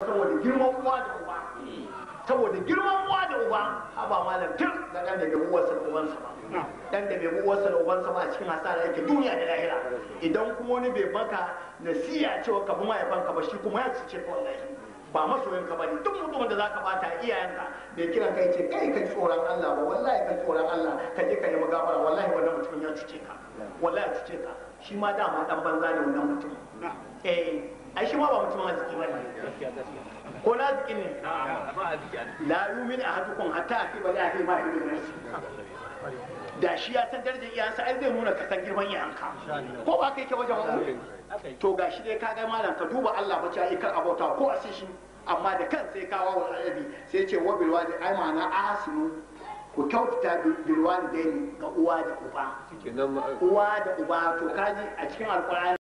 saboda girman uwa da uba saboda girman uwa da uba haba malam tun da dan da bai uwarsa da ubansa ba dan da bai uwarsa da ba a cikin hasara yake duniya da lahira idan kuma wani bai baka nasiya cewa ka bi mahaifanka ba shi kuma ya cice ka wallahi ba masoyin ka bane duk mutumin da zaka bata iyayenka bai kiran kai ce kai ka tsoron Allah ba wallahi ka tsoron Allah ka je ka yi magabara wallahi ya cuce ka wallahi ya cuce ka shi ma dama dan banza ne wannan mutum eh ai shi ma ba mutum arziki ba ne ko na ziki ne la yumin ahadukum hatta fi bala fi ma da shi ya san darajar sa ai zai nuna san girman ka ko ba kai ke wajen wani to ga shi dai ka ga malam ka duba Allah ba ce ai kar abota ko asishi amma da kan sai kawo wa alabi sai ce wabilwa da ai ma'ana asinu ku kyautata da ga uwa da uba uwa da uba to kaji a cikin alƙur'ani